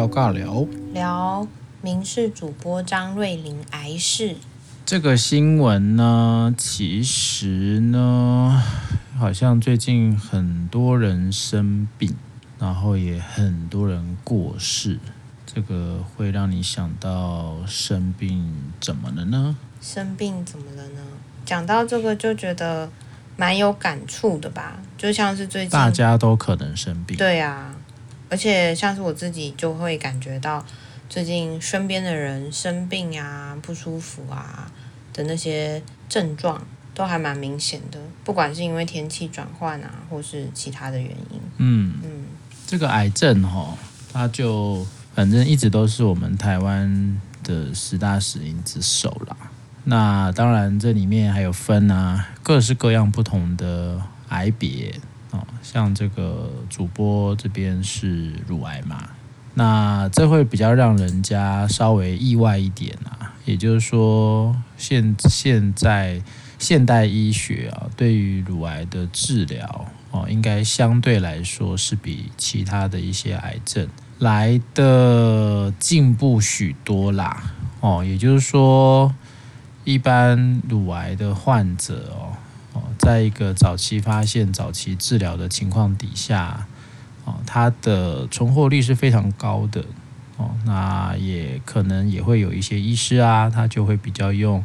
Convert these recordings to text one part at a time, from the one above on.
肖尬聊，聊民視主播張瑞玲。癌逝這個新聞呢，其實呢，好像最近很多人生病，然後也很多人過世。這個會讓你想到生病怎麼了呢？生病怎麼了呢？講到這個就覺得蠻有感觸的吧？就像是最近大家都可能生病。對啊。而且像是我自己就會感覺到，最近身邊的人生病啊、不舒服啊的那些症狀都還蠻明顯的，不管是因為天氣轉換啊，或是其他的原因。嗯嗯，這個癌症哦，它就反正一直都是我們台灣的十大死因之首啦。那當然這裡面還有分啊，各式各樣不同的癌別。哦，像這個主播這邊是乳癌嘛？那這會比較讓人家稍微意外一點啊。也就是說現，現現在現代醫學啊，對於乳癌的治療哦，應該相對來說是比其他的一些癌症來得進步許多啦。哦，也就是說，一般乳癌的患者，哦。在一個早期發現、早期治療的情況底下，哦，它的存活率是非常高的。哦，那也可能也會有一些醫師啊，他就會比較用，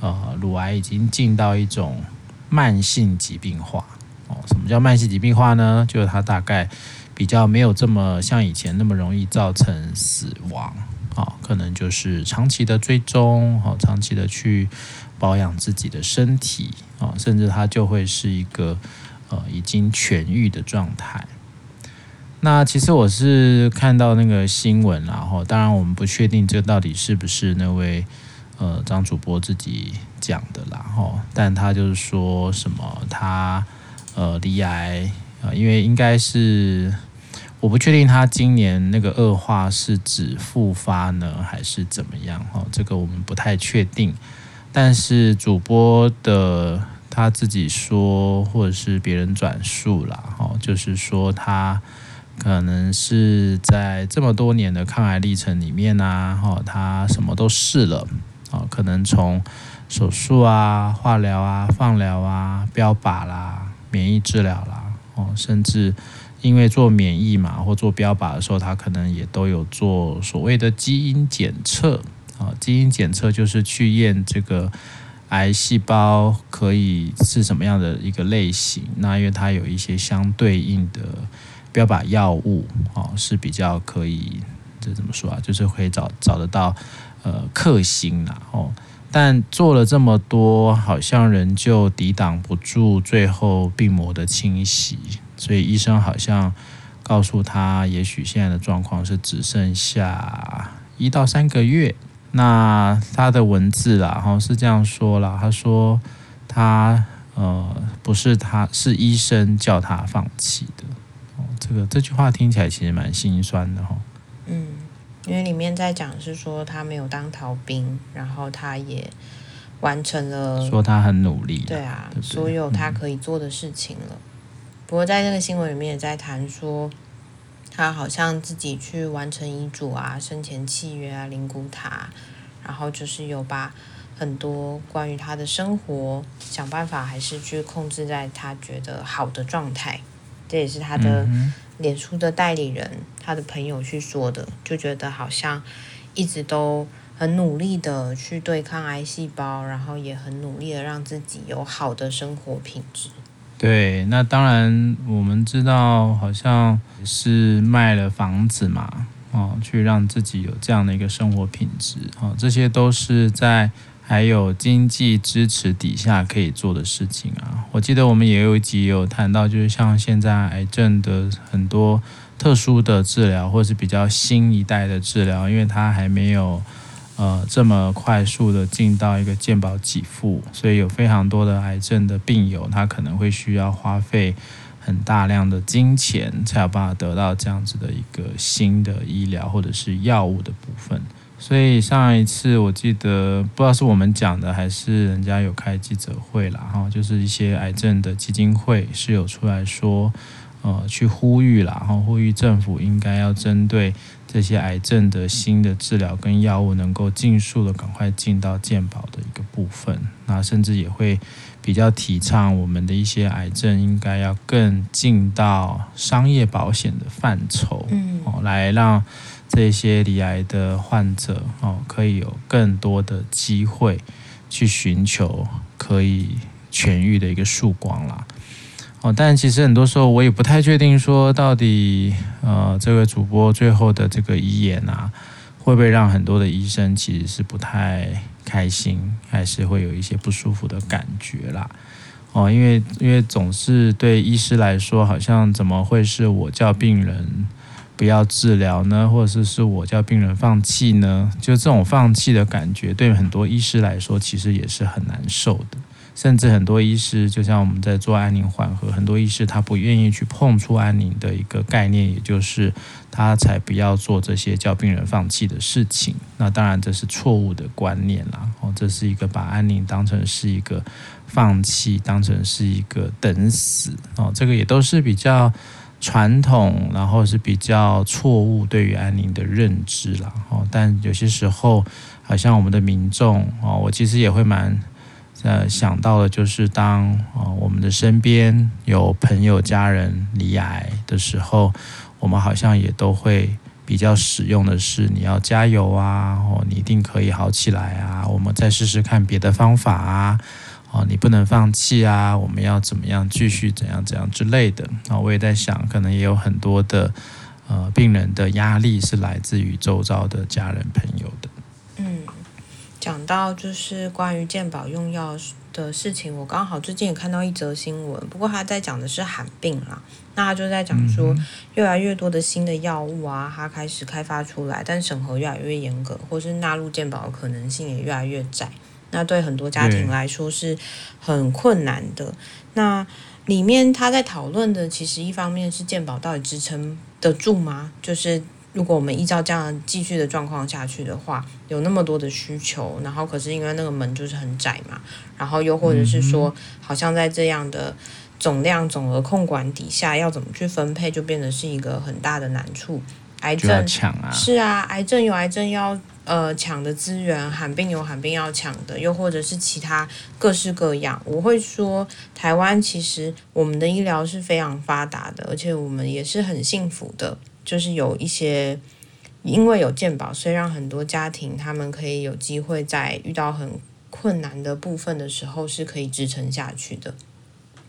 呃，乳癌已經進到一種慢性疾病化。哦，什麼叫慢性疾病化呢？就是它大概比較沒有這麼像以前那麼容易造成死亡。哦，可能就是長期的追蹤，哦，長期的去。保養自己的身體啊，甚至他就會是一個呃已經痊癒的狀態。那其實我是看到那個新聞，然後當然我們不確定這到底是不是那位呃張主播自己講的啦，哈，但他就是說什麼他呃罹癌啊，因為應該是我不確定他今年那個惡化是指復發呢，還是怎麼樣？哈，這個我們不太確定。但是主播的他自己說，或者是別人轉述了，哦，就是說他可能是在這麼多年的抗癌歷程裡面啊，哦，他什麼都試了，哦，可能從手術啊、化療啊、放療啊、標靶啦、免疫治療啦，哦，甚至因為做免疫嘛，或做標靶的時候，他可能也都有做所謂的基因檢測。基因檢測就是去驗這個癌細胞可以是什麼樣的一個類型，那因為它有一些相對應的標靶藥物，哦，是比較可以這怎麼說啊？就是可以找找得到呃克星然後、啊、哦，但做了這麼多，好像仍舊抵擋不住最後病魔的侵襲，所以醫生好像告訴他，也許現在的狀況是只剩下一到三個月。那他的文字啦，然後是這樣說啦。他說他，他呃，不是，他是醫生叫他放棄的。哦，這個這句話聽起來其實蠻心酸的哈、哦。嗯，因為裡面在講是說他沒有當逃兵，然後他也完成了，說他很努力，對啊對對，所有他可以做的事情了。嗯、不過在這個新聞裡面也在談說。他好像自己去完成遺囑啊、生前契約啊、靈骨塔、啊，然後就是有把很多關於他的生活，想辦法還是去控制在他覺得好的狀態。這也是他的臉書的代理人、mm -hmm. 他的朋友去說的，就覺得好像一直都很努力的去對抗癌細胞，然後也很努力的讓自己有好的生活品質。對，那當然，我們知道好像是賣了房子嘛，哦，去讓自己有這樣的一個生活品質，啊、哦，這些都是在還有經濟支持底下可以做的事情啊。我記得我們也有一集也有談到，就是像現在癌症的很多特殊的治療，或者是比較新一代的治療，因為它還沒有。呃，這麼快速的進到一個健保給付，所以有非常多的癌症的病友，他可能會需要花費很大量的金錢，才有辦法得到這樣子的一個新的醫療或者是藥物的部分。所以上一次我記得，不知道是我們講的還是人家有開記者會啦哈，就是一些癌症的基金會是有出來說，呃，去呼籲啦，然後呼籲政府應該要針對。這些癌症的新的治療跟藥物能夠盡速的趕快進到健保的一個部分，那甚至也會比較提倡我們的一些癌症應該要更進到商業保險的範疇，嗯，來讓這些罹癌的患者哦可以有更多的機會去尋求可以痊癒的一個曙光啦。哦，但其實很多時候我也不太確定，說到底，呃，這位主播最後的這個遺言啊，會不會讓很多的醫生其實是不太開心，還是會有一些不舒服的感覺啦？哦，因為因為總是對醫師來說，好像怎麼會是我叫病人不要治療呢，或者是是我叫病人放棄呢？就這種放棄的感覺，對很多醫師來說，其實也是很難受的。甚至很多醫師，就像我們在做安寧緩和，很多醫師他不願意去碰觸安寧的一個概念，也就是他才不要做這些叫病人放棄的事情。那當然這是錯誤的觀念啦，哦，這是一個把安寧當成是一個放棄，當成是一個等死哦，這個也都是比較傳統，然後是比較錯誤對於安寧的認知啦哦。但有些時候，好像我們的民眾哦，我其實也會蠻。呃，想到的就是，當啊我們的身邊有朋友、家人罹癌的時候，我們好像也都會比較使用的是，你要加油啊，哦，你一定可以好起來啊，我們再試試看別的方法啊，哦，你不能放棄啊，我們要怎麼樣繼續怎樣怎樣之類的。啊，我也在想，可能也有很多的呃病人的壓力是來自於周遭的家人朋友的。講到就是關於健保用藥的事情，我剛好最近也看到一則新聞，不過他在講的是罕病啦，那他就在講說越來越多的新的藥物啊，它開始開發出來，但審核越來越嚴格，或是納入健保的可能性也越來越窄，那對很多家庭來說是很困難的。那裡面他在討論的，其實一方面是健保到底支撐得住嗎？就是。如果我們依照這樣繼續的狀況下去的話，有那麼多的需求，然後可是因為那個門就是很窄嘛，然後又或者是說，嗯、好像在這樣的總量總額控管底下，要怎麼去分配，就變得是一個很大的難處。癌症搶啊，是啊，癌症有癌症要呃搶的資源，罕病有罕病要搶的，又或者是其他各式各樣。我會說，台灣其實我們的醫療是非常發達的，而且我們也是很幸福的。就是有一些，因為有健保，所以讓很多家庭他們可以有機會在遇到很困難的部分的時候，是可以支撐下去的。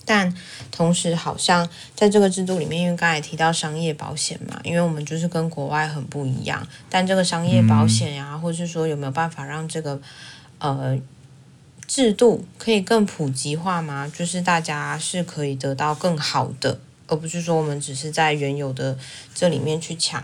但同時，好像在這個制度裡面，因為剛才提到商業保險嘛，因為我們就是跟國外很不一樣。但這個商業保險呀、啊，或者是說有沒有辦法讓這個呃制度可以更普及化嗎？就是大家是可以得到更好的。而不是說我們只是在原有的這裡面去搶，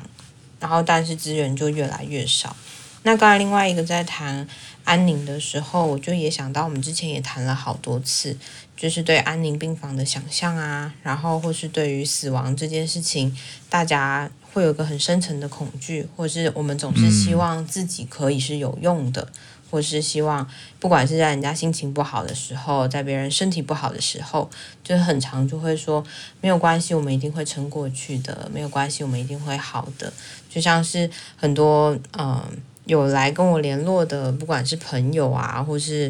然後但是資源就越來越少。那剛才另外一個在談安寧的時候，我就也想到我們之前也談了好多次，就是對安寧病房的想象啊，然後或是對於死亡這件事情，大家會有個很深層的恐懼，或是我們總是希望自己可以是有用的。嗯或是希望，不管是在人家心情不好的時候，在別人身體不好的時候，就是很常就會說，沒有關係，我們一定會撐過去的，沒有關係，我們一定會好的。就像是很多嗯、呃，有來跟我聯絡的，不管是朋友啊，或是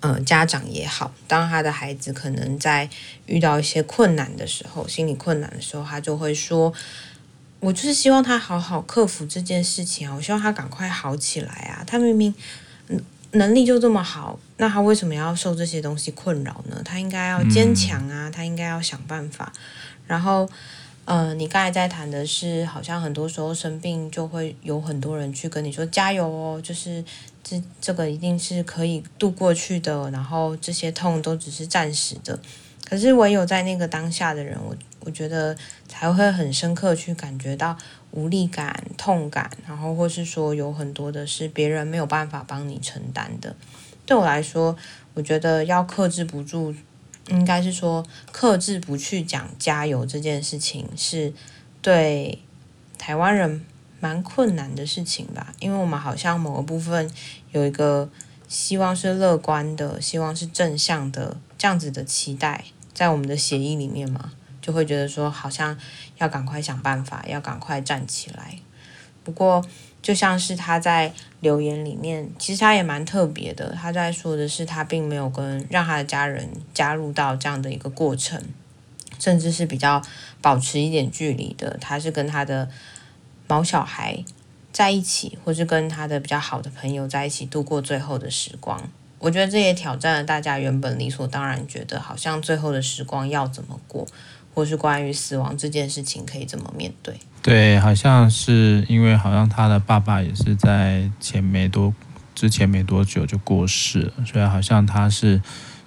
嗯、呃，家長也好，當他的孩子可能在遇到一些困難的時候，心理困難的時候，他就會說，我就是希望他好好克服這件事情啊，我希望他趕快好起來啊，他明明。能力就這麼好，那他為什麼要受這些東西困擾呢？他應該要堅強啊，嗯、他應該要想辦法。然後，嗯、呃，你剛才在談的是，好像很多時候生病就會有很多人去跟你說，加油哦，就是這這個一定是可以度過去的，然後這些痛都只是暫時的。可是唯有在那個當下的人，我我覺得才會很深刻去感覺到。無力感、痛感，然後或是說有很多的是別人沒有辦法幫你承擔的。對我來說，我覺得要克制不住，應該是說克制不去講加油這件事情，是對台灣人蠻困難的事情吧？因為我們好像某個部分有一個希望是樂觀的，希望是正向的，這樣子的期待，在我們的協議裡面嗎？就會覺得說，好像要趕快想辦法，要趕快站起來。不過，就像是他在留言裡面，其實他也蠻特別的。他在說的是，他並沒有跟讓他的家人加入到這樣的一個過程，甚至是比較保持一點距離的。他是跟他的毛小孩在一起，或是跟他的比較好的朋友在一起度過最後的時光。我覺得這也挑戰了大家原本理所當然覺得好像最後的時光要怎麼過。或是關於死亡這件事情可以怎麼面對？對，好像是因為好像他的爸爸也是在前沒多，之前沒多久就過世了，所以好像他是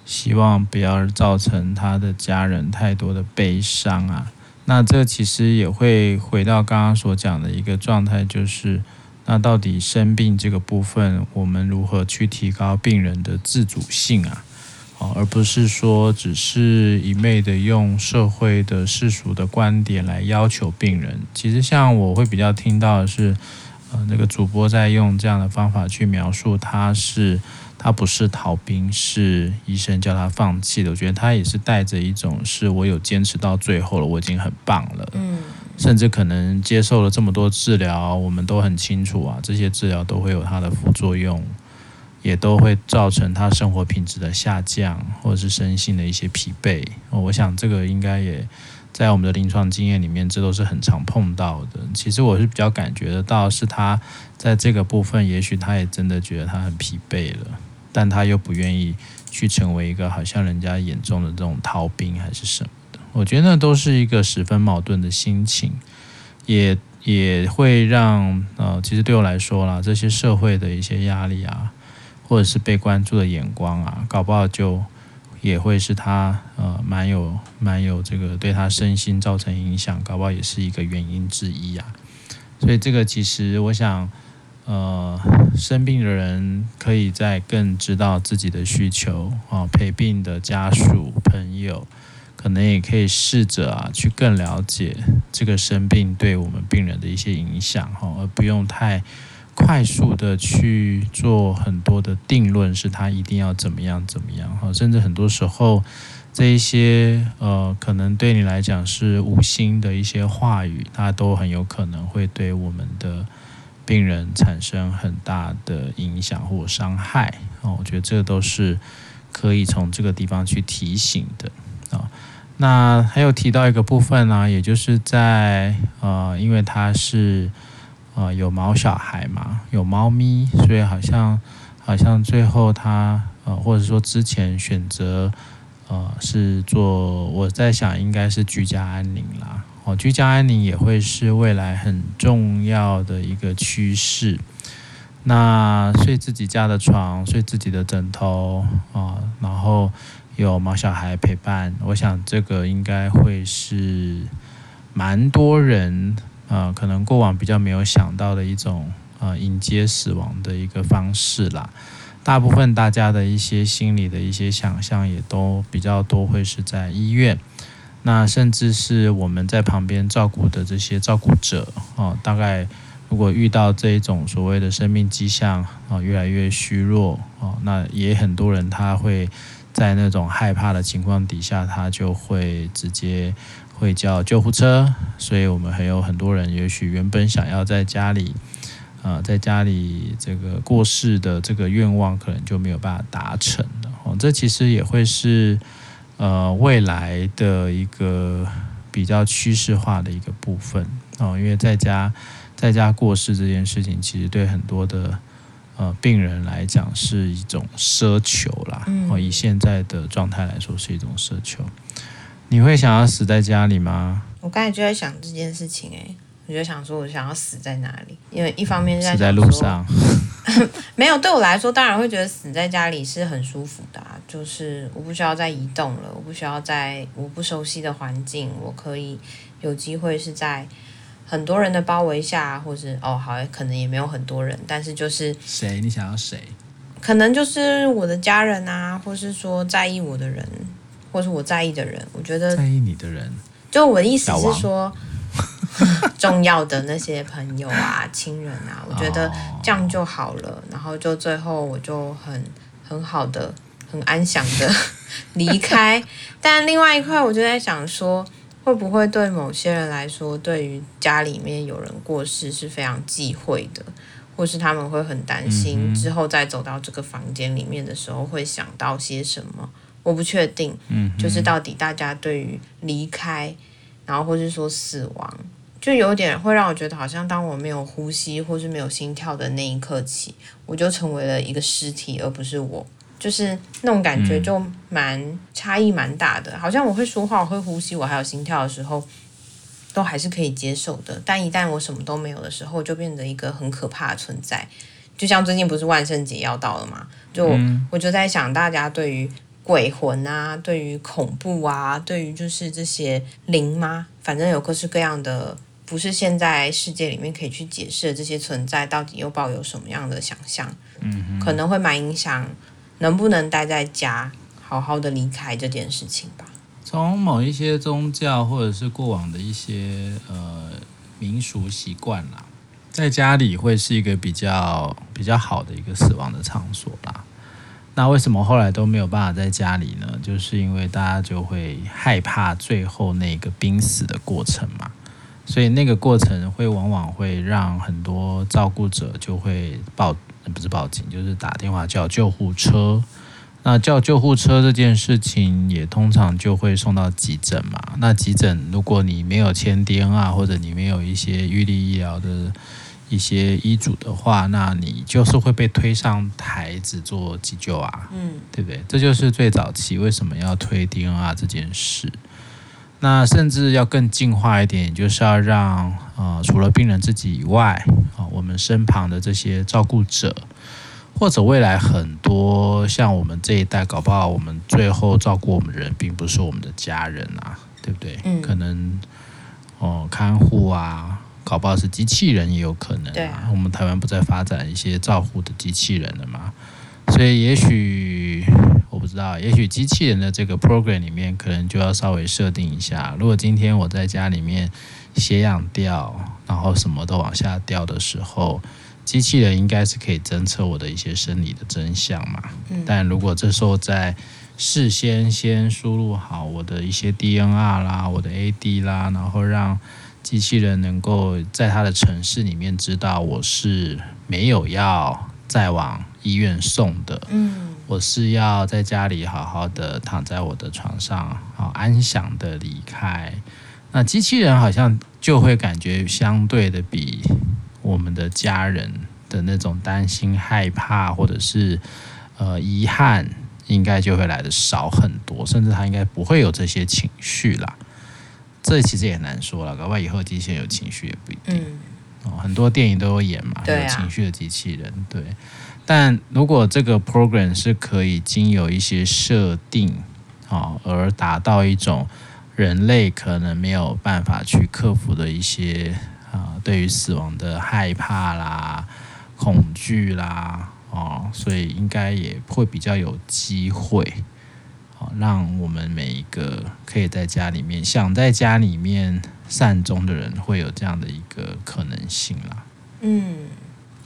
希望不要造成他的家人太多的悲傷啊。那這其實也會回到剛剛所講的一個狀態，就是那到底生病這個部分，我們如何去提高病人的自主性啊？而不是說，只是一昧的用社會的世俗的觀點來要求病人。其實，像我會比較聽到的是，呃，那個主播在用這樣的方法去描述，他是他不是逃兵，是醫生叫他放棄的。我覺得他也是帶着一種，是我有堅持到最後了，我已經很棒了。嗯。甚至可能接受了這麼多治療，我們都很清楚啊，這些治療都會有它的副作用。也都會造成他生活品質的下降，或者是身心的一些疲憊。我想這個應該也在我們的臨床經驗裡面，這都是很常碰到的。其實我是比較感覺得到，是他在這個部分，也許他也真的覺得他很疲憊了，但他又不願意去成為一個好像人家眼中的這種逃兵還是什麼的。我覺得那都是一個十分矛盾的心情，也也會讓呃，其實對我來說啦，這些社會的一些壓力啊。或者是被關注的眼光啊，搞不好就也會是他呃，蠻有蠻有這個對他身心造成影響，搞不好也是一個原因之一啊。所以這個其實我想，呃，生病的人可以再更知道自己的需求啊、呃，陪病的家屬朋友可能也可以試着啊，去更了解這個生病對我們病人的一些影響哈，而不用太。快速的去做很多的定論，是他一定要怎麼樣怎麼樣哈，甚至很多時候，這一些呃，可能對你來講是無心的一些話語，它都很有可能會對我們的病人產生很大的影響或傷害，哦，我覺得這都是可以從這個地方去提醒的啊，哦。那還有提到一個部分呢，啊，也就是在呃，因為它是。啊、呃，有毛小孩嘛？有貓咪，所以好像好像最後他呃，或者說之前選擇呃是做，我在想應該是居家安寧啦。哦，居家安寧也會是未來很重要的一個趨勢。那睡自己家的床，睡自己的枕頭啊、呃，然後有毛小孩陪伴，我想這個應該會是蠻多人。呃，可能過往比較沒有想到的一種呃迎接死亡的一個方式啦。大部分大家的一些心理的一些想象也都比較多，會是在醫院。那甚至是我們在旁邊照顧的這些照顧者啊、呃。大概如果遇到這一種所謂的生命跡象啊、呃，越來越虛弱啊、呃，那也很多人他會。在那種害怕的情況底下，他就會直接會叫救護車，所以我們還有很多人也許原本想要在家裡，呃，在家裡這個過世的這個願望可能就沒有辦法達成了哦，這其實也會是呃未來的一個比較趨勢化的一個部分哦，因為在家在家過世這件事情其實對很多的。呃，病人來講是一種奢求啦。嗯，以現在的狀態來說是一種奢求。你會想要死在家裡嗎？我剛才就在想這件事情誒、欸，我就想說我想要死在哪裡？因為一方面在、嗯、是在路上， 沒有，對我來說，當然會覺得死在家裡是很舒服的啊。就是我不需要再移動了，我不需要在我不熟悉的環境，我可以有機會是在。很多人的包圍下，或是哦好，可能也沒有很多人，但是就是誰？你想要誰？可能就是我的家人啊，或是說在意我的人，或是我在意的人。我覺得在意你的人，就我的意思是說重要的那些朋友啊、親 人啊，我覺得這樣就好了。然後就最後我就很很好的、很安詳的離開。 但另外一塊，我就在想說。會不會對某些人來說，對於家裡面有人過世是非常忌諱的，或是他們會很擔心之後再走到這個房間裡面的時候會想到些什麼？我不確定，嗯，就是到底大家對於離開，然後或是說死亡，就有點會讓我覺得，好像當我沒有呼吸或是沒有心跳的那一刻起，我就成為了一個屍體，而不是我。就是那種感覺，就蠻差異蠻大的、嗯。好像我會說話，我會呼吸，我還有心跳的時候，都還是可以接受的。但一旦我什麼都沒有的時候，就變成一個很可怕的存在。就像最近不是萬聖節要到了嘛，就、嗯、我就在想，大家對於鬼魂啊，對於恐怖啊，對於就是這些靈嗎、啊？反正有各式各樣的，不是現在世界裡面可以去解釋的這些存在，到底又抱有什麼樣的想象？嗯，嗯，可能會蠻影響。能不能待在家，好好的離開這件事情吧。從某一些宗教或者是過往的一些呃民俗習慣啦，在家裡會是一個比較比較好的一個死亡的場所啦。那為什麼後來都沒有辦法在家裡呢？就是因為大家就會害怕最後那個瀕死的過程嘛，所以那個過程會往往會讓很多照顧者就會爆。不是報警，就是打電話叫救護車。那叫救護車這件事情，也通常就會送到急診嘛。那急診，如果你沒有簽 DNR 或者你沒有一些預立醫療的一些醫囑的話，那你就是會被推上台子做急救啊。嗯，對不對？這就是最早期為什麼要推 DNR 這件事。那甚至要更進化一點，就是要讓。啊、哦，除了病人自己以外，啊、哦，我們身旁的這些照顧者，或者未來很多像我們這一代，搞不好我們最後照顧我們人，並不是我們的家人啊，對不對？嗯、可能哦，看護啊，搞不好是機器人也有可能啊。啊，我們台灣不在發展一些照護的機器人了嘛？所以也許我不知道，也許機器人的這個 program 裡面，可能就要稍微設定一下。如果今天我在家裡面。血氧掉，然後什麼都往下掉的時候，機器人應該是可以偵測我的一些生理的真相嘛？嗯。但如果這時候在事先先輸入好我的一些 DNR 啦、我的 AD 啦，然後讓機器人能夠在它的城市裡面知道我是沒有要再往醫院送的，嗯。我是要在家裡好好的躺在我的床上，好安詳的離開。那機器人好像就會感覺相對的比我們的家人的那種擔心、害怕，或者是呃遺憾，應該就會來的少很多，甚至他應該不會有這些情緒了。這其實也難說了，搞不好以後機器人有情緒也不一定。嗯、哦，很多電影都有演嘛，啊、有情緒的機器人。對，但如果這個 program 是可以經由一些設定，啊、哦，而達到一種。人類可能沒有辦法去克服的一些啊、呃，對於死亡的害怕啦、恐懼啦，哦、呃，所以應該也會比較有機會，好、呃，讓我們每一個可以在家裡面，想在家裡面善終的人，會有這樣的一個可能性啦。嗯，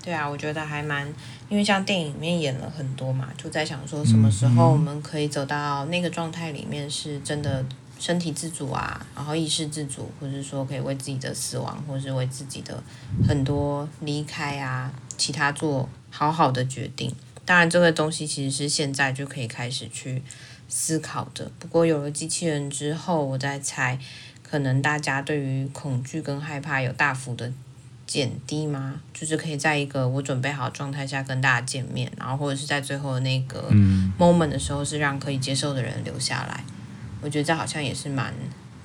對啊，我覺得還蠻，因為像電影裡面演了很多嘛，就在想說什麼時候我們可以走到那個狀態裡面，是真的。嗯嗯身體自主啊，然後意識自主，或是說可以為自己的死亡，或是為自己的很多離開啊，其他做好好的決定。當然，這個東西其實是現在就可以開始去思考的。不過有了機器人之後，我在猜，可能大家對於恐懼跟害怕有大幅的減低嗎？就是可以在一個我準備好的狀態下跟大家見面，然後或者是在最後的那個 moment 的時候，是讓可以接受的人留下來。我覺得這好像也是蠻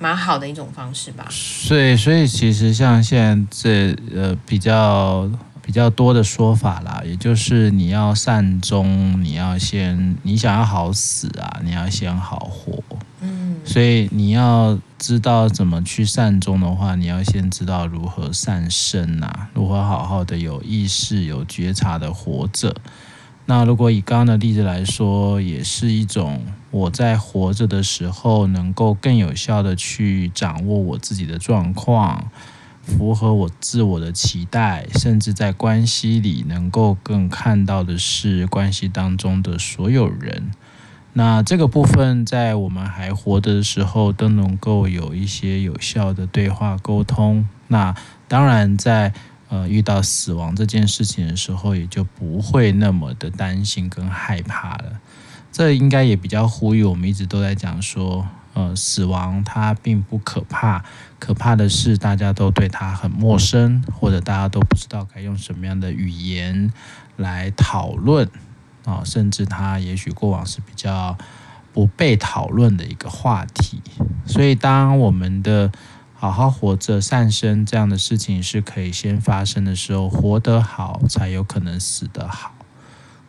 蠻好的一種方式吧。所以，所以其實像現在這呃比較比較多的說法啦，也就是你要善終，你要先你想要好死啊，你要先好活。嗯。所以你要知道怎麼去善終的話，你要先知道如何善生吶、啊，如何好好的有意識、有覺察的活着。那如果以剛剛的例子來說，也是一種。我在活着的時候，能夠更有效的去掌握我自己的狀況，符合我自我的期待，甚至在關係裡能夠更看到的是關係當中的所有人。那這個部分在我們還活着的時候，都能夠有一些有效的對話溝通。那當然在，在呃遇到死亡這件事情的時候，也就不會那麼的擔心跟害怕了。這應該也比較呼籲，我們一直都在講說，呃，死亡它並不可怕，可怕的是大家都對它很陌生，或者大家都不知道該用什麼樣的語言來討論，啊、哦，甚至它也許過往是比較不被討論的一個話題。所以，當我們的“好好活着”、善生這樣的事情是可以先發生的時候，活得好才有可能死得好。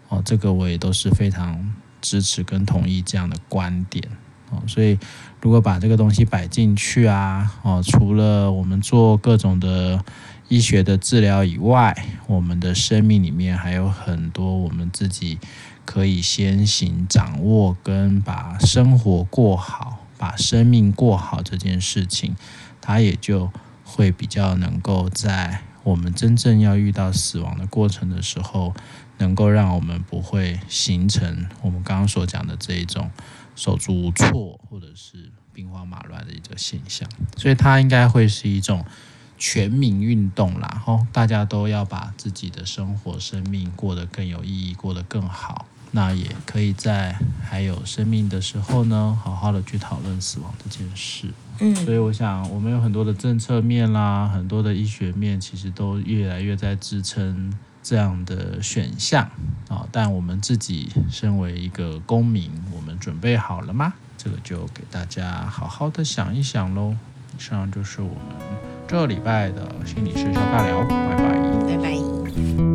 哦，這個我也都是非常。支持跟同意這樣的觀點哦，所以如果把這個東西擺進去啊，哦，除了我們做各種的醫學的治療以外，我們的生命裡面還有很多我們自己可以先行掌握跟把生活過好、把生命過好這件事情，它也就會比較能夠在我們真正要遇到死亡的過程的時候。能夠讓我們不會形成我們剛剛所講的這一種手足無措或者是兵荒馬亂的一個現象，所以它應該會是一種全民運動啦，然後大家都要把自己的生活、生命過得更有意義，過得更好。那也可以在還有生命的時候呢，好好的去討論死亡這件事。嗯，所以我想，我們有很多的政策面啦，很多的醫學面，其實都越來越在支撐。這樣的選項啊，但我們自己身為一個公民，我們準備好了嗎？這個就給大家好好的想一想嘍。以上就是我們這禮拜的心理師肖尬聊，拜拜，拜拜！